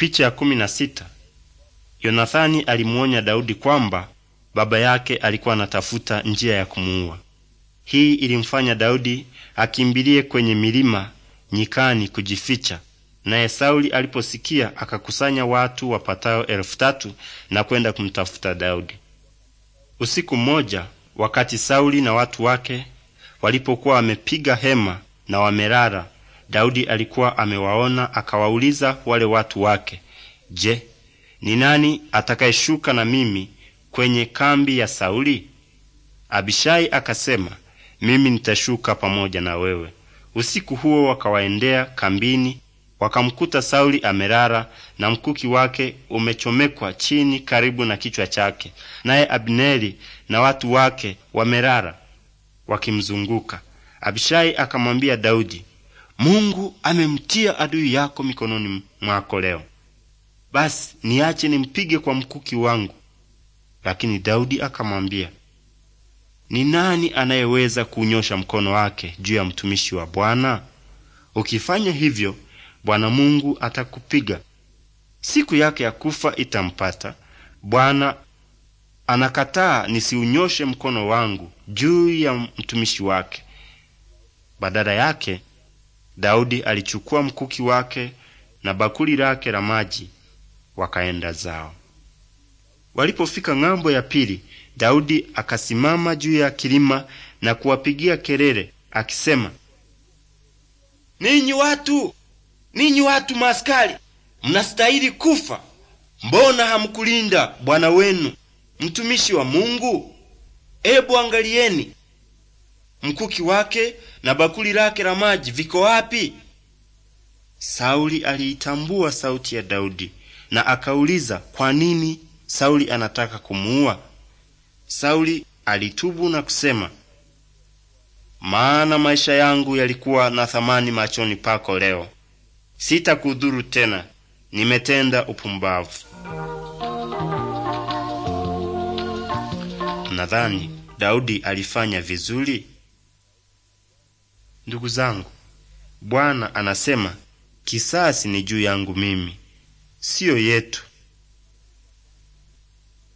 Picha ya kumi na sita. Yonathani alimuonya Daudi kwamba baba yake alikuwa anatafuta njia ya kumuua. Hii ilimfanya Daudi akimbilie kwenye milima nyikani kujificha, naye Sauli aliposikia akakusanya watu wapatao elfu tatu na kwenda kumtafuta Daudi. Usiku mmoja, wakati Sauli na watu wake walipokuwa wamepiga hema na wamelala Daudi alikuwa amewaona, akawauliza wale watu wake, Je, ni nani atakayeshuka na mimi kwenye kambi ya Sauli? Abishai akasema, mimi nitashuka pamoja na wewe. Usiku huo wakawaendea kambini, wakamkuta Sauli amelala na mkuki wake umechomekwa chini karibu na kichwa chake, naye Abneri na watu wake wamelala wakimzunguka. Abishai akamwambia Daudi, Mungu amemtia adui yako mikononi mwako leo, basi niache nimpige kwa mkuki wangu. Lakini Daudi akamwambia, ni nani anayeweza kuunyosha mkono wake juu ya mtumishi wa Bwana? Ukifanya hivyo, Bwana Mungu atakupiga. Siku yake ya kufa itampata. Bwana anakataa nisiunyoshe mkono wangu juu ya mtumishi wake, badala yake Daudi alichukua mkuki wake na bakuli lake la maji, wakaenda zao. Walipofika ng'ambo ya pili, Daudi akasimama juu ya kilima na kuwapigia kelele akisema, ninyi watu, ninyi watu maskari, mnastahili kufa! Mbona hamkulinda bwana wenu mtumishi wa Mungu? Ebu angalieni mkuki wake na bakuli lake la maji viko wapi? Sauli aliitambua sauti ya Daudi na akauliza, kwa nini Sauli anataka kumuua? Sauli alitubu na kusema, maana maisha yangu yalikuwa na thamani machoni pako, leo sitakudhuru tena, nimetenda upumbavu. Nadhani Daudi alifanya vizuri. Ndugu zangu, Bwana anasema kisasi ni juu yangu mimi, siyo yetu.